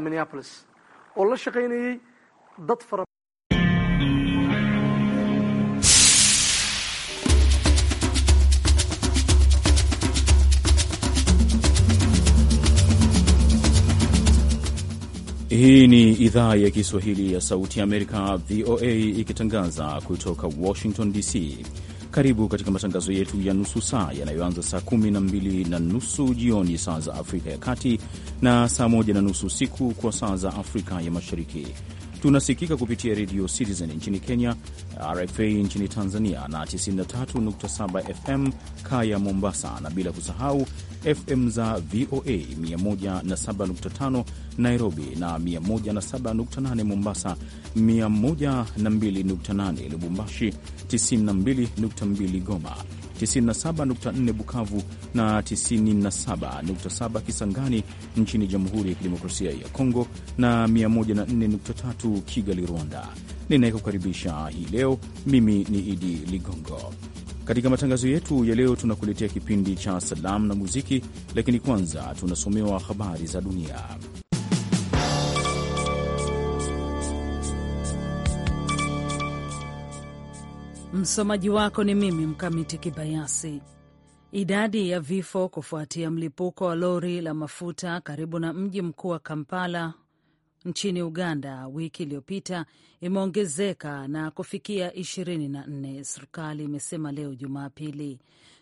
Minneapolis oo la shaqeynayay dad fara Hii ni idhaa ya Kiswahili ya Sauti ya Amerika, VOA, ikitangaza kutoka Washington DC. Karibu katika matangazo yetu ya nusu saa yanayoanza saa kumi na mbili na nusu jioni saa za Afrika ya Kati na saa moja na nusu usiku kwa saa za Afrika ya Mashariki. Tunasikika kupitia redio Citizen nchini Kenya, RFA nchini Tanzania na 93.7 FM Kaya Mombasa, na bila kusahau FM za VOA 107.5 Nairobi na 107.8 Mombasa, 102.8 Lubumbashi, 92.2 Goma 97.4 Bukavu na 97.7 Kisangani nchini Jamhuri ya Kidemokrasia ya Kongo na 104.3 Kigali, Rwanda. Ninayekukaribisha hii leo mimi ni Idi Ligongo. Katika matangazo yetu ya leo tunakuletea kipindi cha salamu na muziki, lakini kwanza tunasomewa habari za dunia. Msomaji wako ni mimi Mkamiti Kibayasi. Idadi ya vifo kufuatia mlipuko wa lori la mafuta karibu na mji mkuu wa Kampala nchini Uganda wiki iliyopita imeongezeka na kufikia 24, serikali imesema leo Jumapili.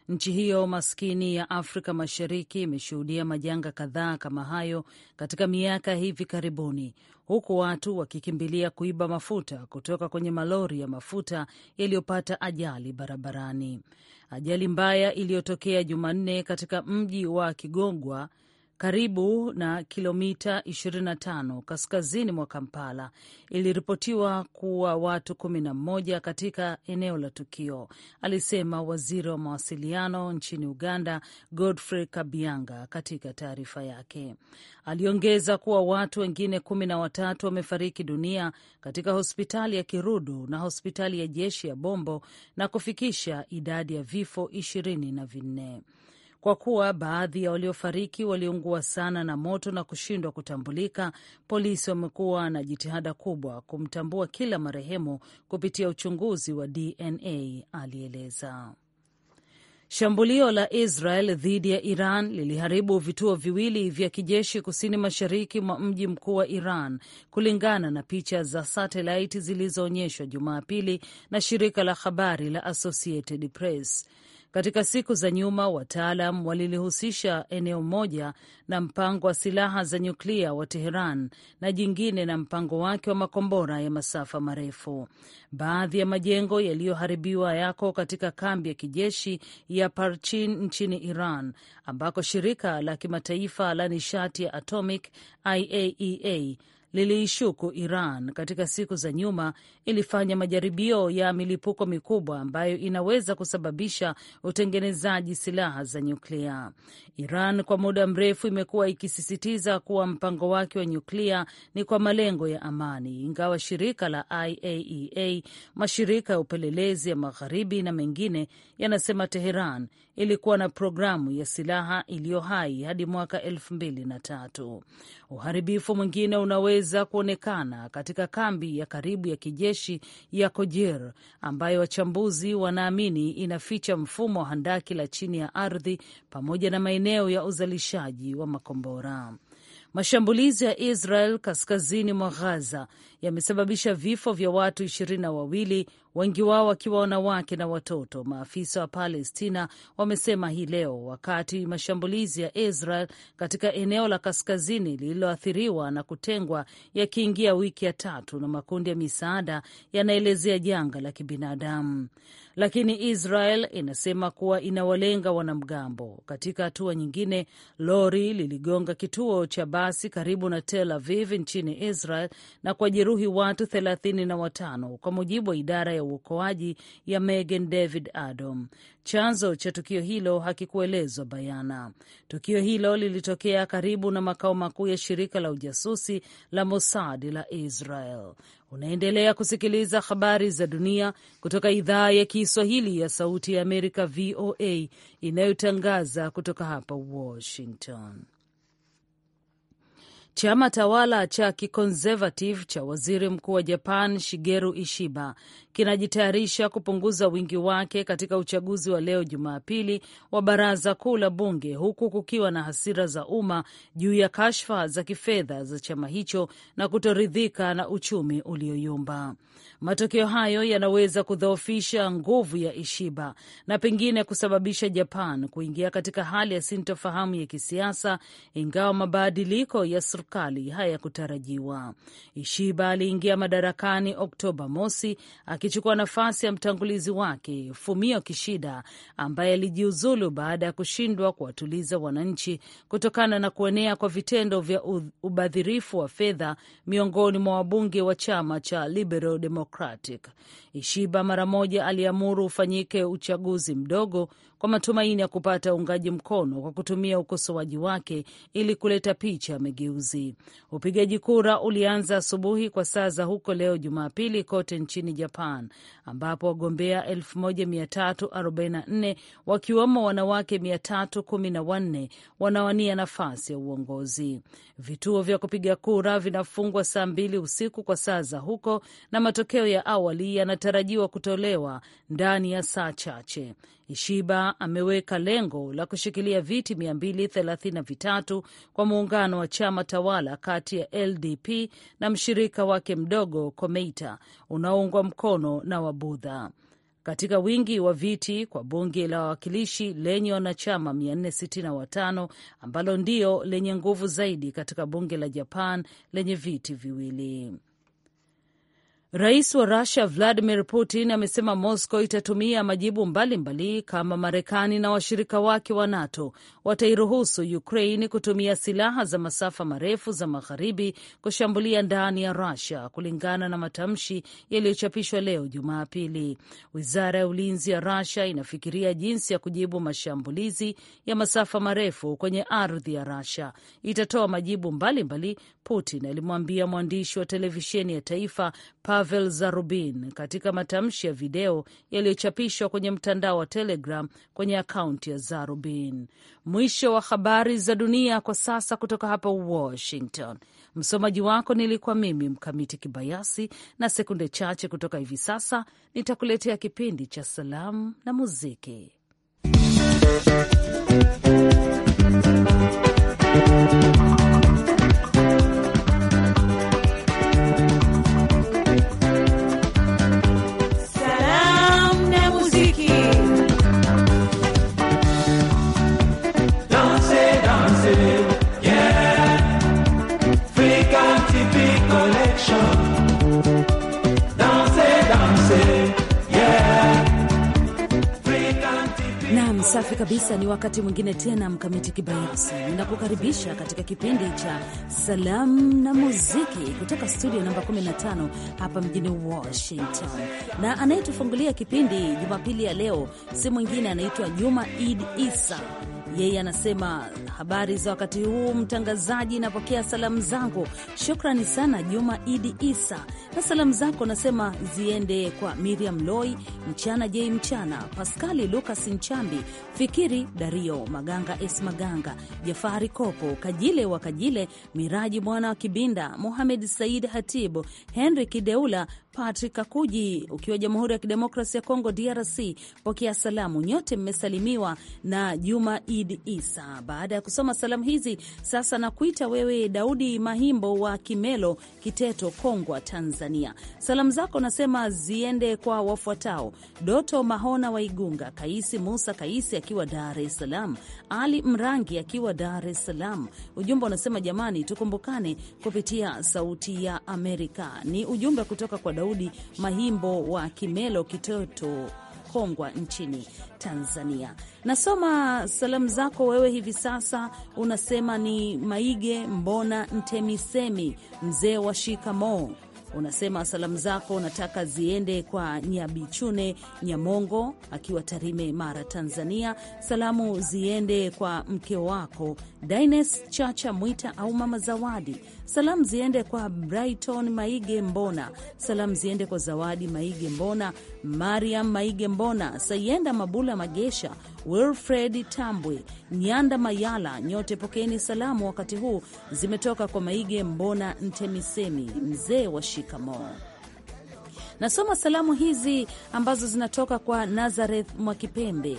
Nchi hiyo maskini ya Afrika Mashariki imeshuhudia majanga kadhaa kama hayo katika miaka hivi karibuni, huku watu wakikimbilia kuiba mafuta kutoka kwenye malori ya mafuta yaliyopata ajali barabarani. Ajali mbaya iliyotokea Jumanne katika mji wa Kigongwa karibu na kilomita 25 kaskazini mwa Kampala. Iliripotiwa kuwa watu 11 katika eneo la tukio, alisema waziri wa mawasiliano nchini Uganda Godfrey Kabianga katika taarifa yake. Aliongeza kuwa watu wengine kumi na watatu wamefariki dunia katika hospitali ya Kirudu na hospitali ya jeshi ya Bombo na kufikisha idadi ya vifo ishirini na vinne. Kwa kuwa baadhi ya waliofariki waliungua sana na moto na kushindwa kutambulika, polisi wamekuwa na jitihada kubwa kumtambua kila marehemu kupitia uchunguzi wa DNA, alieleza. Shambulio la Israel dhidi ya Iran liliharibu vituo viwili vya kijeshi kusini mashariki mwa mji mkuu wa Iran, kulingana na picha za satelaiti zilizoonyeshwa Jumapili na shirika la habari la Associated Press. Katika siku za nyuma, wataalam walilihusisha eneo moja na mpango wa silaha za nyuklia wa Teheran na jingine na mpango wake wa makombora ya masafa marefu. Baadhi ya majengo yaliyoharibiwa yako katika kambi ya kijeshi ya Parchin nchini Iran, ambako shirika la kimataifa la nishati ya atomic IAEA e liliishuku Iran katika siku za nyuma ilifanya majaribio ya milipuko mikubwa ambayo inaweza kusababisha utengenezaji silaha za nyuklia. Iran kwa muda mrefu imekuwa ikisisitiza kuwa mpango wake wa nyuklia ni kwa malengo ya amani, ingawa shirika la IAEA, e mashirika ya upelelezi ya magharibi na mengine yanasema Teheran ilikuwa na programu ya silaha iliyo hai hadi mwaka elfu mbili na tatu. Uharibifu mwingine unaweza kuonekana katika kambi ya karibu ya kijeshi ya Kojer ambayo wachambuzi wanaamini inaficha mfumo wa handaki la chini ya ardhi pamoja na maeneo ya uzalishaji wa makombora. Mashambulizi ya Israel kaskazini mwa Ghaza yamesababisha vifo vya watu ishirini na wawili, wengi wao wakiwa wanawake na watoto, maafisa wa Palestina wamesema hii leo, wakati mashambulizi ya Israel katika eneo la kaskazini lililoathiriwa na kutengwa yakiingia wiki ya tatu, na makundi ya misaada yanaelezea janga la kibinadamu, lakini Israel inasema kuwa inawalenga wanamgambo. Katika hatua nyingine, lori liligonga kituo cha basi karibu na Tel Aviv nchini Israel na kwa kujeruhi watu thelathini na watano kwa mujibu wa idara ya uokoaji ya Megan David Adom. Chanzo cha tukio hilo hakikuelezwa bayana. Tukio hilo lilitokea karibu na makao makuu ya shirika la ujasusi la Mossad la Israel. Unaendelea kusikiliza habari za dunia kutoka idhaa ya Kiswahili ya Sauti ya Amerika, VOA, inayotangaza kutoka hapa Washington. Chama tawala cha kiconservative cha waziri mkuu wa Japan Shigeru Ishiba kinajitayarisha kupunguza wingi wake katika uchaguzi wa leo Jumapili wa baraza kuu la bunge, huku kukiwa na hasira za umma juu ya kashfa za kifedha za chama hicho na kutoridhika na uchumi ulioyumba. Matokeo hayo yanaweza kudhoofisha nguvu ya Ishiba na pengine kusababisha Japan kuingia katika hali ya sintofahamu ya kisiasa, ingawa mabadiliko ya serikali hayakutarajiwa. Ishiba aliingia madarakani Oktoba mosi akichukua nafasi ya mtangulizi wake Fumio Kishida ambaye alijiuzulu baada ya kushindwa kuwatuliza wananchi kutokana na kuenea kwa vitendo vya ubadhirifu wa fedha miongoni mwa wabunge wa chama cha Liberal Democratic. Ishiba mara moja aliamuru ufanyike uchaguzi mdogo kwa matumaini ya kupata uungaji mkono kwa kutumia ukosoaji wake ili kuleta picha ya mageuzi. Upigaji kura ulianza asubuhi kwa saa za huko leo Jumapili kote nchini Japan, ambapo wagombea 1344 wakiwemo wanawake 314 wanawania nafasi ya uongozi. Vituo vya kupiga kura vinafungwa saa mbili usiku kwa saa za huko na matokeo ya awali yanatarajiwa kutolewa ndani ya saa chache. Ishiba ameweka lengo la kushikilia viti 233 kwa muungano wa chama tawala kati ya LDP na mshirika wake mdogo Komeita unaoungwa mkono na Wabudha. Katika wingi wa viti kwa bunge la wawakilishi lenye wanachama 465 ambalo ndio lenye nguvu zaidi katika bunge la Japan lenye viti viwili. Rais wa Rusia Vladimir Putin amesema Moscow itatumia majibu mbalimbali mbali kama Marekani na washirika wake wa NATO watairuhusu Ukraine kutumia silaha za masafa marefu za magharibi kushambulia ndani ya Rusia, kulingana na matamshi yaliyochapishwa leo Jumapili. Wizara ya ulinzi ya Rusia inafikiria jinsi ya kujibu mashambulizi ya masafa marefu kwenye ardhi ya Rusia, itatoa majibu mbalimbali mbali, Putin alimwambia mwandishi wa televisheni ya taifa pa Pavel Zarubin katika matamshi ya video yaliyochapishwa kwenye mtandao wa Telegram kwenye akaunti ya Zarubin. Mwisho wa habari za dunia kwa sasa kutoka hapa Washington. Msomaji wako nilikuwa mimi Mkamiti Kibayasi, na sekunde chache kutoka hivi sasa nitakuletea kipindi cha salamu na muziki. Safi kabisa, ni wakati mwingine tena, Mkamiti Kibayasi, ninakukaribisha katika kipindi cha salamu na muziki kutoka studio namba 15 hapa mjini Washington, na anayetufungulia kipindi jumapili ya leo si mwingine, anaitwa Juma Id Isa yeye anasema habari za wakati huu, mtangazaji, napokea salamu zangu Shukrani sana Juma Idi Isa, na salamu zako nasema ziende kwa Miriam Loi, Mchana J Mchana, Paskali Lukas Nchambi, Fikiri Dario Maganga, Es Maganga, Jafari Kopo, Kajile wa Kajile, Miraji mwana wa Kibinda, muhamed Said Hatibu, Henri Kideula, Patrick Kakuji ukiwa Jamhuri ya Kidemokrasi ya Kongo DRC, pokea salamu. Nyote mmesalimiwa na Juma Idi Isa. Baada ya kusoma salamu hizi, sasa nakuita wewe Daudi Mahimbo wa Kimelo, Kiteto, Kongwa, Tanzania. Salamu zako nasema ziende kwa wafuatao: Doto Mahona wa Igunga, Kaisi Musa Kaisi akiwa Dar es Salaam, Ali Mrangi akiwa Dar es Salaam. Ujumbe unasema jamani, tukumbukane kupitia Sauti ya Amerika. Ni ujumbe kutoka kwa Daudi Daudi Mahimbo wa Kimelo Kitoto Kongwa nchini Tanzania. Nasoma salamu zako wewe hivi sasa, unasema ni Maige Mbona Ntemisemi, mzee wa shikamo Unasema salamu zako unataka ziende kwa Nyabichune Nyamongo akiwa Tarime, Mara, Tanzania. Salamu ziende kwa mke wako Dines Chacha Mwita au Mama Zawadi. Salamu ziende kwa Brighton Maige Mbona, salamu ziende kwa Zawadi Maige Mbona, Mariam Maige Mbona, Sayenda Mabula Magesha, Wilfred Tambwe, Nyanda Mayala, nyote pokeni salamu wakati huu, zimetoka kwa Maige Mbona Ntemisemi, mzee wa shikamoo. Nasoma salamu hizi ambazo zinatoka kwa Nazareth Mwakipembe.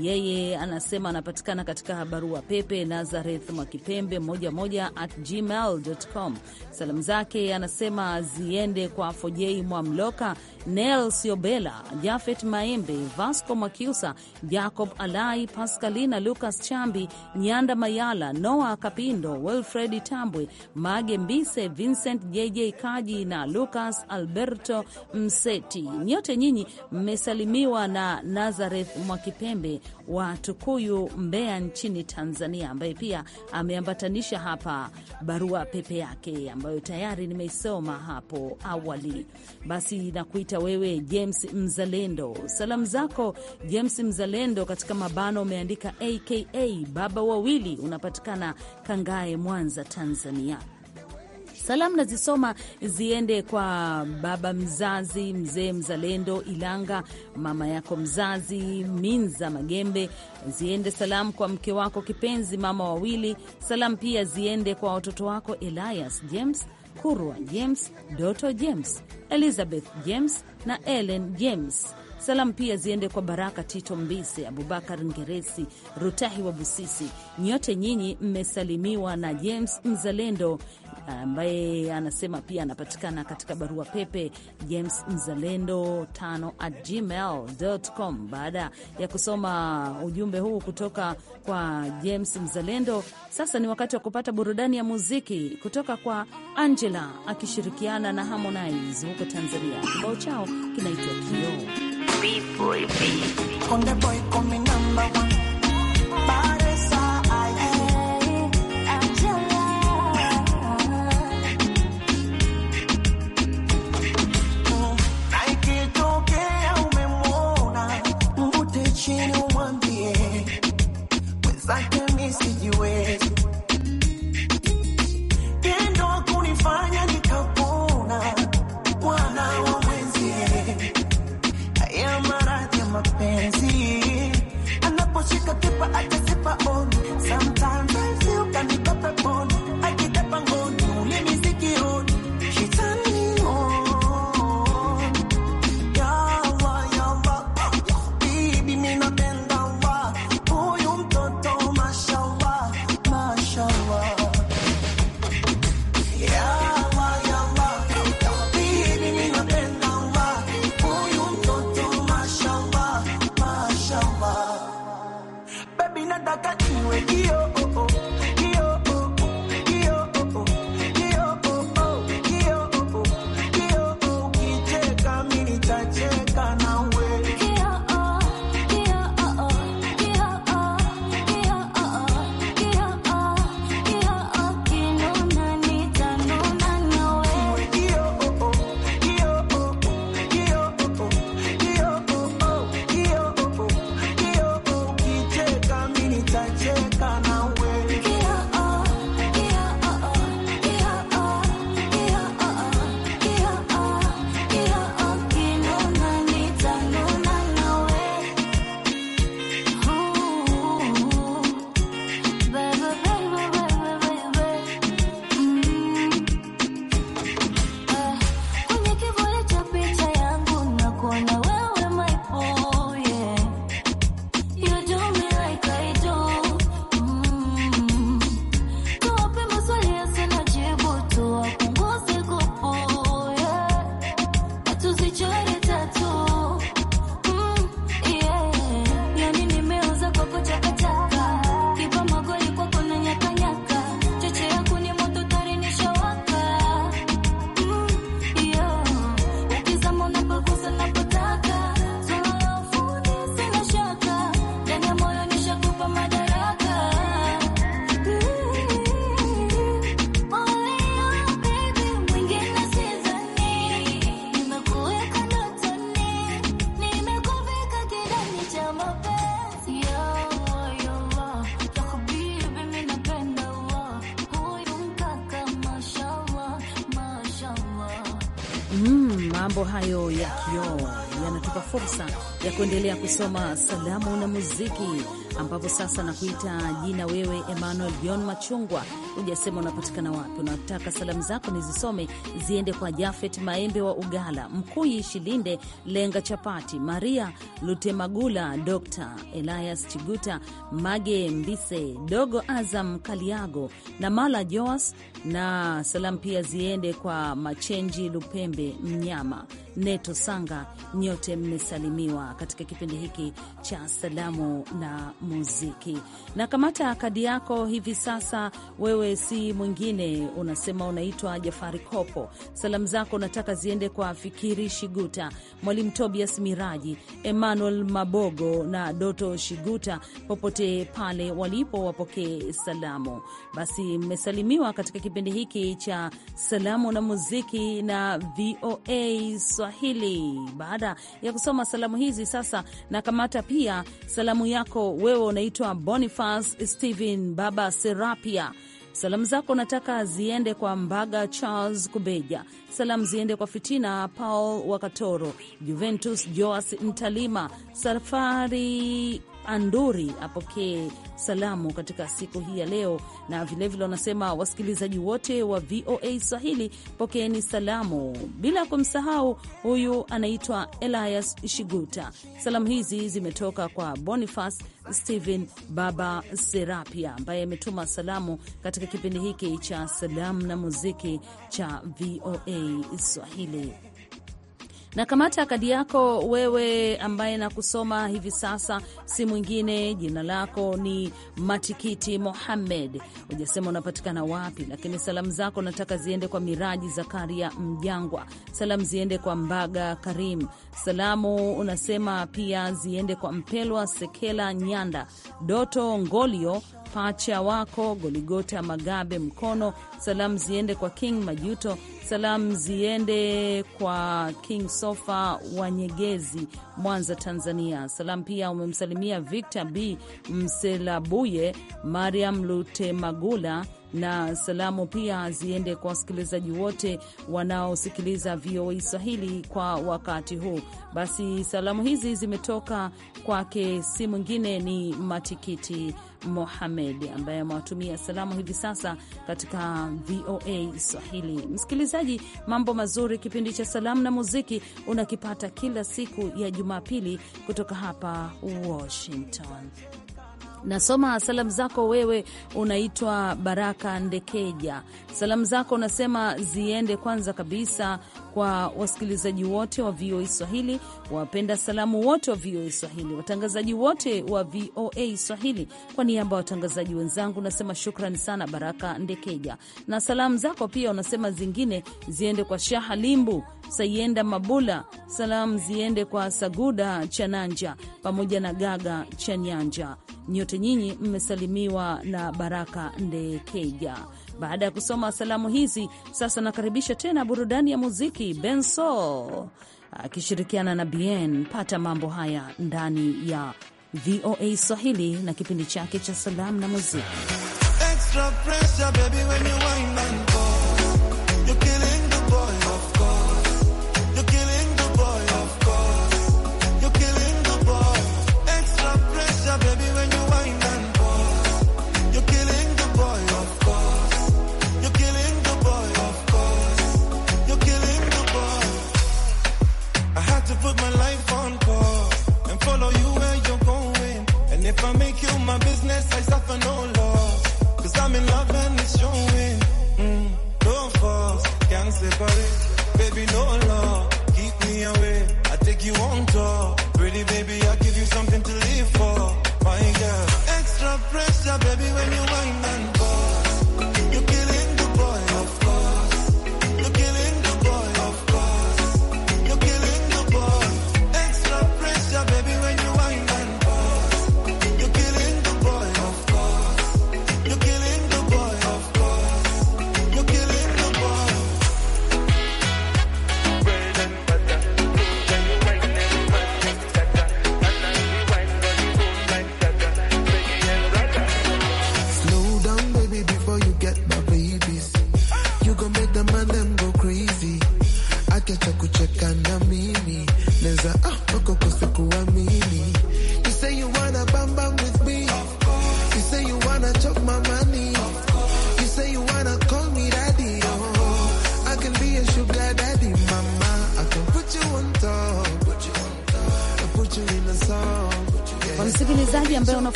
Yeye anasema anapatikana katika barua pepe Nazareth Mwakipembe moja moja at gmail.com. Salamu zake anasema ziende kwa Fojei Mwamloka, Nel Siobela, Jafet Maembe, Vasco Mwakiusa, Jacob Alai, Pascalina Lucas Chambi, Nyanda Mayala, noa Kapindo, Wilfredi Tambwe, Mage Mbise, Vincent JJ Kaji na Lucas Alberto Mseti. Nyote nyinyi mmesalimiwa na Nazareth Mwakipembe wa Tukuyu, Mbeya nchini Tanzania, ambaye pia ameambatanisha hapa barua pepe yake ambayo tayari nimeisoma hapo awali. Basi nakuita wewe James Mzalendo. Salamu zako James Mzalendo katika mabano umeandika aka baba wawili, unapatikana Kangae, Mwanza, Tanzania. Salamu nazisoma ziende kwa baba mzazi mzee mzalendo Ilanga, mama yako mzazi Minza Magembe, ziende salamu kwa mke wako kipenzi mama wawili. Salamu pia ziende kwa watoto wako Elias James Kurwa James, Doto James, Elizabeth James na Ellen James. Salamu pia ziende kwa Baraka Tito Mbise, Abubakar Ngeresi, Rutahi wa Busisi. Nyote nyinyi mmesalimiwa na James Mzalendo ambaye anasema pia anapatikana katika barua pepe James Mzalendo tano at gmail.com. Baada ya kusoma ujumbe huu kutoka kwa James Mzalendo, sasa ni wakati wa kupata burudani ya muziki kutoka kwa Angela akishirikiana na Harmonize huko Tanzania. Kibao chao kinaitwa Kioo. be, boy, be. On the boy call me number one. fursa ya kuendelea kusoma salamu na muziki, ambapo sasa nakuita jina wewe Emmanuel John Machungwa hujasema unapatikana wapi. Unataka salamu zako nizisome, ziende kwa Jafet Maembe wa Ugala, Mkuyi Shilinde, Lenga Chapati, Maria Lutemagula, Dr Elias Chiguta, Mage Mbise, Dogo Azam Kaliago na Mala Joas, na salamu pia ziende kwa Machenji Lupembe Mnyama, Neto Sanga, nyote mmesalimiwa katika kipindi hiki cha salamu na muziki. Na kamata kadi yako hivi sasa wewe wewe si mwingine, unasema unaitwa Jafari Kopo. Salamu zako nataka ziende kwa Fikiri Shiguta, Mwalimu Tobias Miraji, Emmanuel Mabogo na Doto Shiguta, popote pale walipo wapokee salamu. Basi mmesalimiwa katika kipindi hiki cha Salamu na Muziki na VOA Swahili. Baada ya kusoma salamu hizi, sasa nakamata pia salamu yako wewe, unaitwa Boniface Steven Baba Serapia Salamu zako nataka ziende kwa Mbaga Charles Kubeja, salamu ziende kwa Fitina Paul Wakatoro, Juventus Joas Mtalima, Safari Anduri apokee salamu katika siku hii ya leo, na vilevile wanasema vile wasikilizaji wote wa VOA Swahili pokeeni salamu, bila kumsahau huyu anaitwa Elias Shiguta. Salamu hizi zimetoka kwa Boniface Stephen Baba Serapia ambaye ametuma salamu katika kipindi hiki cha salamu na muziki cha VOA Swahili. Na kamata kadi yako wewe, ambaye nakusoma hivi sasa, si mwingine, jina lako ni Matikiti Mohamed. ujasema unapatikana wapi, lakini salamu zako nataka ziende kwa Miraji Zakaria Mjangwa, salamu ziende kwa Mbaga Karim, salamu unasema pia ziende kwa Mpelwa Sekela Nyanda, Doto Ngolio pacha wako Goligota Magabe Mkono. Salamu ziende kwa King Majuto, salamu ziende kwa King Sofa Wanyegezi, Mwanza, Tanzania. Salamu pia umemsalimia Victor B Mselabuye, Mariam Lutemagula na salamu pia ziende kwa wasikilizaji wote wanaosikiliza VOA e Swahili kwa wakati huu. Basi salamu hizi zimetoka kwake, si mwingine ni Matikiti Mohamed ambaye amewatumia salamu hivi sasa katika VOA e Swahili. Msikilizaji, mambo mazuri, kipindi cha salamu na muziki unakipata kila siku ya Jumapili kutoka hapa Washington. Nasoma salamu zako. Wewe unaitwa Baraka Ndekeja. Salamu zako unasema ziende kwanza kabisa kwa wasikilizaji wote wa VOA Swahili, wapenda salamu wote wa VOA Swahili, watangazaji wote wa VOA Swahili. Kwa niaba ya watangazaji wenzangu nasema shukrani sana, Baraka Ndekeja. Na salamu zako pia unasema zingine ziende kwa Shaha Limbu, Sayenda Mabula, salamu ziende kwa Saguda Chananja pamoja na Gaga Chanyanja. Nyote nyinyi mmesalimiwa na Baraka Ndekeja. Baada ya kusoma salamu hizi, sasa nakaribisha tena burudani ya muziki Benso akishirikiana na Bien. Pata mambo haya ndani ya VOA Swahili na kipindi chake cha salamu na muziki Extra pressure, baby, when you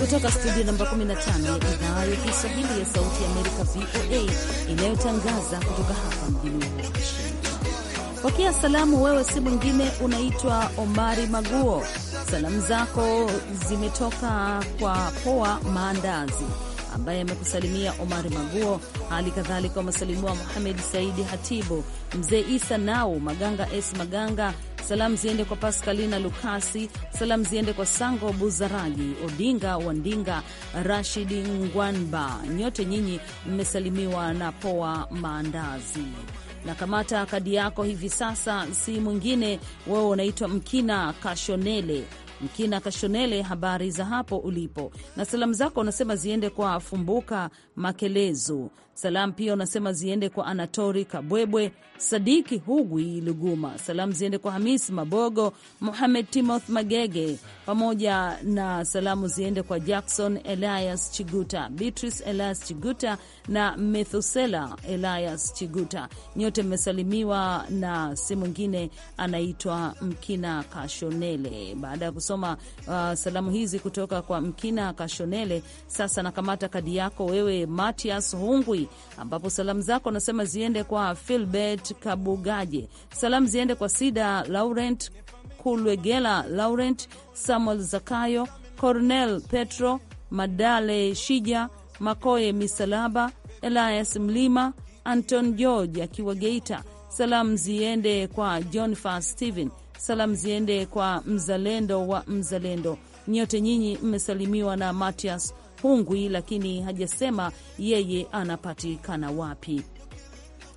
kutoka studio namba 15 ya idhaa ya Kiswahili ya Sauti ya Amerika, VOA, inayotangaza kutoka hapa mjini Washington. Pokea salamu, wewe si mwingine, unaitwa Omari Maguo. Salamu zako zimetoka kwa Poa Maandazi ambaye amekusalimia Omari Maguo, hali kadhalika wamesalimiwa Muhamed Saidi Hatibu, Mzee Isa Nau Maganga, S Maganga, Salamu ziende kwa Paskalina Lukasi, salamu ziende kwa Sango Buzaragi, Odinga Wandinga, Rashidi Ngwanba. Nyote nyinyi mmesalimiwa na Poa Maandazi na kamata kadi yako hivi sasa, si mwingine wewe, unaitwa Mkina Kashonele. Mkina Kashonele, habari za hapo ulipo, na salamu zako unasema ziende kwa Fumbuka Makelezu, Salamu pia unasema ziende kwa Anatori Kabwebwe, Sadiki Hugwi Luguma. Salamu ziende kwa Hamis Mabogo, Muhamed Timoth Magege, pamoja na salamu ziende kwa Jackson Elias Chiguta, Beatrice Elias Chiguta na Methusela Elias Chiguta. Nyote mmesalimiwa na si mwingine anaitwa Mkina Kashonele. Baada ya kusoma uh, salamu hizi kutoka kwa Mkina Kashonele, sasa nakamata kadi yako wewe, Matias Hungwi ambapo salamu zako anasema ziende kwa Filbert Kabugaje, salamu ziende kwa Sida Laurent Kulwegela, Laurent Samuel Zakayo, Cornel Petro Madale, Shija Makoye, Misalaba Elias Mlima, Anton George akiwa Geita. Salamu ziende kwa Jonifer Steven, salamu ziende kwa mzalendo wa mzalendo. Nyote nyinyi mmesalimiwa na Matias Pungwi, lakini hajasema yeye anapatikana wapi.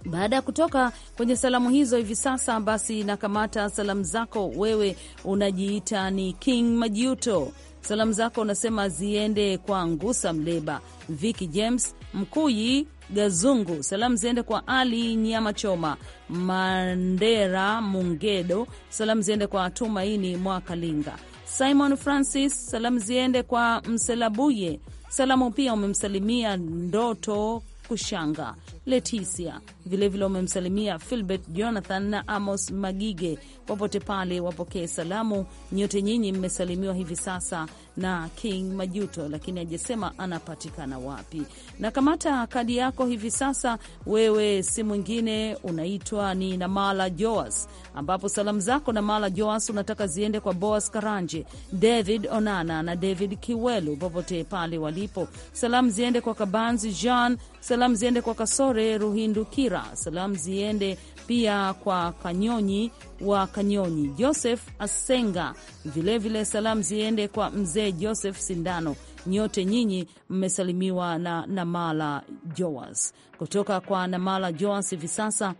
Baada ya kutoka kwenye salamu hizo, hivi sasa basi nakamata salamu zako. Wewe unajiita ni King Majuto. Salamu zako unasema ziende kwa Ngusa Mleba, Viki James Mkuyi Gazungu. Salamu ziende kwa Ali Nyama Choma, Mandera Mungedo. Salamu ziende kwa Tumaini Mwakalinga, Simon Francis. Salamu ziende kwa Mselabuye Salamu pia umemsalimia Ndoto Kushanga Leticia. Vilevile wamemsalimia Filbert Jonathan na Amos Magige. Popote pale wapokee salamu. Nyote nyinyi mmesalimiwa hivi sasa na King Majuto, lakini hajasema anapatikana wapi. Na kamata kadi yako hivi sasa, wewe si mwingine, unaitwa ni Namala Joas, ambapo salamu zako Namala Joas unataka ziende kwa Boas Karanje, David Onana na David Kiwelu popote pale walipo. Salamu ziende kwa Kabanzi Jean, salamu ziende kwa Kasoro Kayore Ruhindukira. Salamu ziende pia kwa Kanyonyi wa Kanyonyi, Joseph Asenga. Vilevile salamu ziende kwa mzee Joseph Sindano. Nyote nyinyi mmesalimiwa na Namala Joas. Kutoka kwa Namala Joas hivi sasa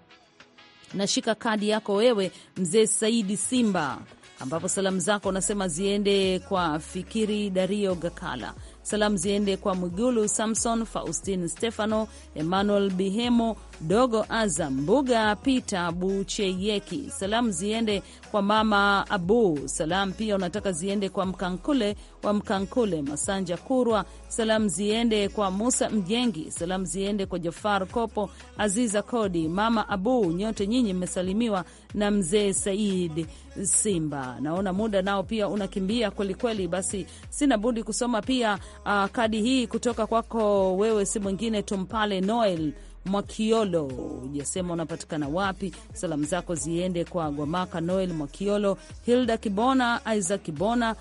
nashika kadi yako wewe, mzee Saidi Simba, ambapo salamu zako unasema ziende kwa Fikiri Dario Gakala Salamu ziende kwa Mwigulu Samson, Faustin Stefano, Emmanuel Bihemo, Dogo Azam, Mbuga Pita Bucheyeki. Salamu ziende kwa Mama Abu. Salamu pia unataka ziende kwa Mkankule wa Mkankule, Masanja Kurwa. Salamu ziende kwa Musa Mjengi. Salamu ziende kwa Jafar Kopo, Aziza Kodi, Mama Abu. Nyote nyinyi mmesalimiwa na Mzee Said Simba. Naona muda nao pia unakimbia kwelikweli, basi sina budi kusoma pia uh, kadi hii kutoka kwako wewe, si mwingine Tumpale Noel Mwakiolo. Ujasema unapatikana wapi. Salamu zako ziende kwa Gwamaka Noel Mwakiolo, Hilda Kibona, Isaac Kibona.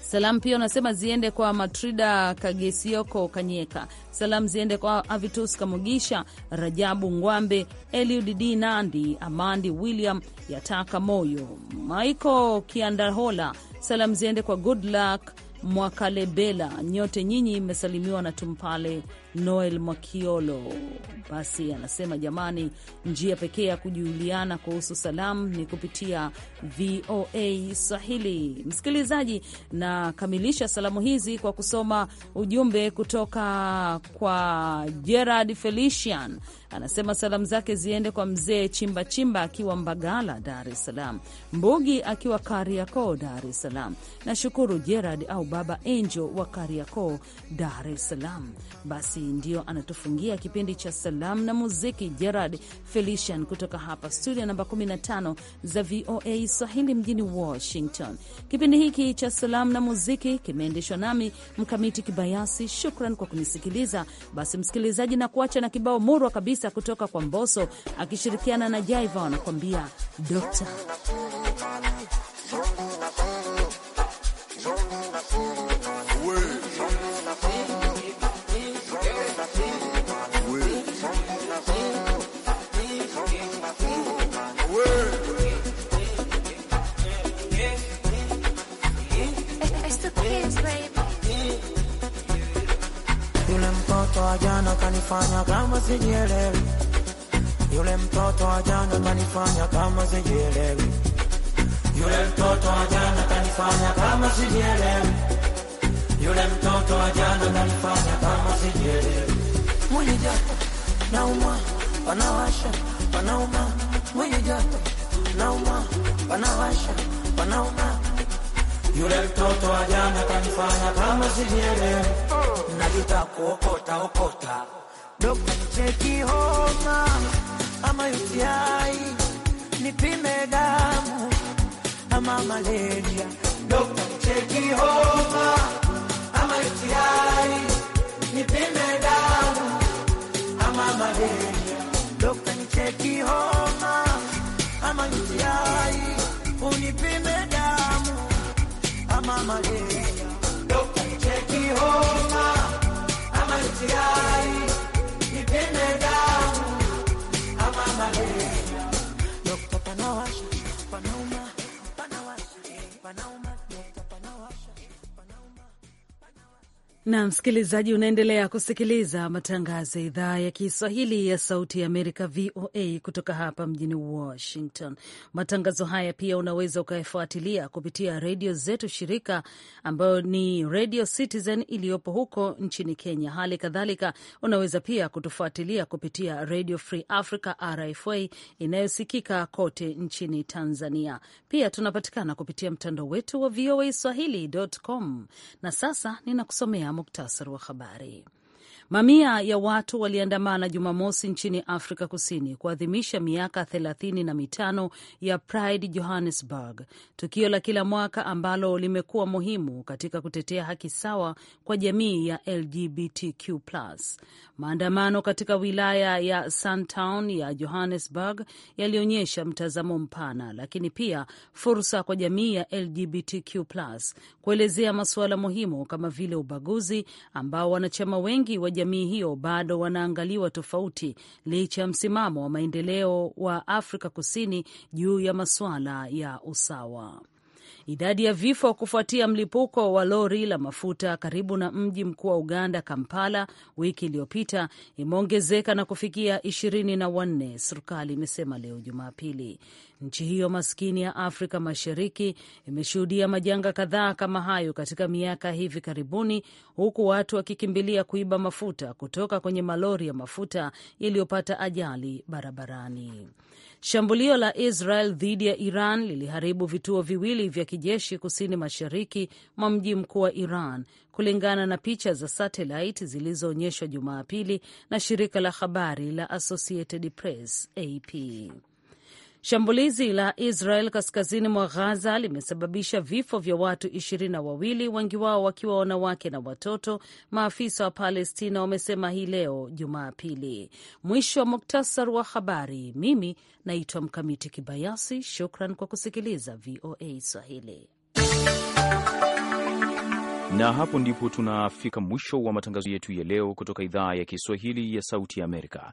Salamu pia unasema ziende kwa Matrida Kagesioko Kanyeka. Salamu ziende kwa Avitus Kamugisha, Rajabu Ngwambe, Eliudd Nandi, Amandi William Yataka Moyo, Maiko Kiandahola. Salamu ziende kwa Goodluck Mwakalebela, nyote nyinyi mmesalimiwa na Tumpale Noel Mwakiolo. Basi anasema jamani, njia pekee ya kujuliana kuhusu salamu ni kupitia VOA Swahili. Msikilizaji, nakamilisha salamu hizi kwa kusoma ujumbe kutoka kwa Gerard Felician. Anasema salamu zake ziende kwa mzee Chimba Chimba akiwa Mbagala, Dar es Salaam, Mbugi akiwa Kariakoo, Dar es Salaam, na Gerard au Baba Angel wa Kariakoo, Dar es Salaam. Basi ndio anatufungia kipindi cha salamu na muziki. Gerard Felician kutoka hapa studio namba 15 za VOA Swahili mjini Washington. Kipindi hiki cha salamu na muziki kimeendeshwa nami Mkamiti Kibayasi. Shukran kwa kunisikiliza. Basi msikilizaji, na kuacha na kibao murwa kabisa kutoka kwa Mboso akishirikiana na Jaiva wanakuambia Dokta. wa jana kanifanya kama sijielewi, yule mtoto wa kanifanya kama sijielewi, yule mtoto wa kanifanya kama sijielewi, yule mtoto wa kanifanya kama sijielewi. Mwili joto nauma, wanawasha wanauma, mwili joto nauma, wanawasha wanauma yule mtoto wa jana kanifanya kama sijielewi, najita kuokota okota. Dokta nicheki homa ama UTI, nipime damu ama malaria. Dokta nicheki homa ama UTI, nipime damu ama malaria. ama UTI, unipime damu Panauma, panauma, panauma. na msikilizaji, unaendelea kusikiliza matangazo ya idhaa ya Kiswahili ya Sauti ya Amerika, VOA, kutoka hapa mjini Washington. Matangazo haya pia unaweza ukayafuatilia kupitia redio zetu shirika, ambayo ni Radio Citizen iliyopo huko nchini Kenya. Hali kadhalika, unaweza pia kutufuatilia kupitia Radio Free Africa, RFA, inayosikika kote nchini Tanzania. Pia tunapatikana kupitia mtandao wetu wa voa swahilicom Na sasa ninakusomea muktasari wa habari. Mamia ya watu waliandamana Jumamosi nchini Afrika Kusini kuadhimisha miaka thelathini na mitano ya Pride Johannesburg, tukio la kila mwaka ambalo limekuwa muhimu katika kutetea haki sawa kwa jamii ya LGBTQ. Maandamano katika wilaya ya Sandton ya Johannesburg yalionyesha mtazamo mpana, lakini pia fursa kwa jamii ya LGBTQ kuelezea masuala muhimu kama vile ubaguzi ambao wanachama wengi wa jamii hiyo bado wanaangaliwa tofauti licha ya msimamo wa maendeleo wa Afrika Kusini juu ya masuala ya usawa. Idadi ya vifo kufuatia mlipuko wa lori la mafuta karibu na mji mkuu wa Uganda, Kampala, wiki iliyopita imeongezeka na kufikia ishirini na wanne, serikali imesema leo Jumapili. Nchi hiyo maskini ya Afrika Mashariki imeshuhudia majanga kadhaa kama hayo katika miaka hivi karibuni, huku watu wakikimbilia kuiba mafuta kutoka kwenye malori ya mafuta yaliyopata ajali barabarani. Shambulio la Israel dhidi ya Iran liliharibu vituo viwili vya kijeshi kusini mashariki mwa mji mkuu wa Iran, kulingana na picha za satelit zilizoonyeshwa Jumapili na shirika la habari la Associated Press AP. Shambulizi la Israel kaskazini mwa ghaza limesababisha vifo vya watu ishirini na wawili, wengi wao wakiwa wanawake na watoto, maafisa wa Palestina wamesema hii leo Jumapili. Mwisho wa muktasar wa habari. Mimi naitwa Mkamiti Kibayasi. Shukran kwa kusikiliza VOA Swahili na hapo ndipo tunafika mwisho wa matangazo yetu ya leo kutoka idhaa ya Kiswahili ya Sauti ya Amerika.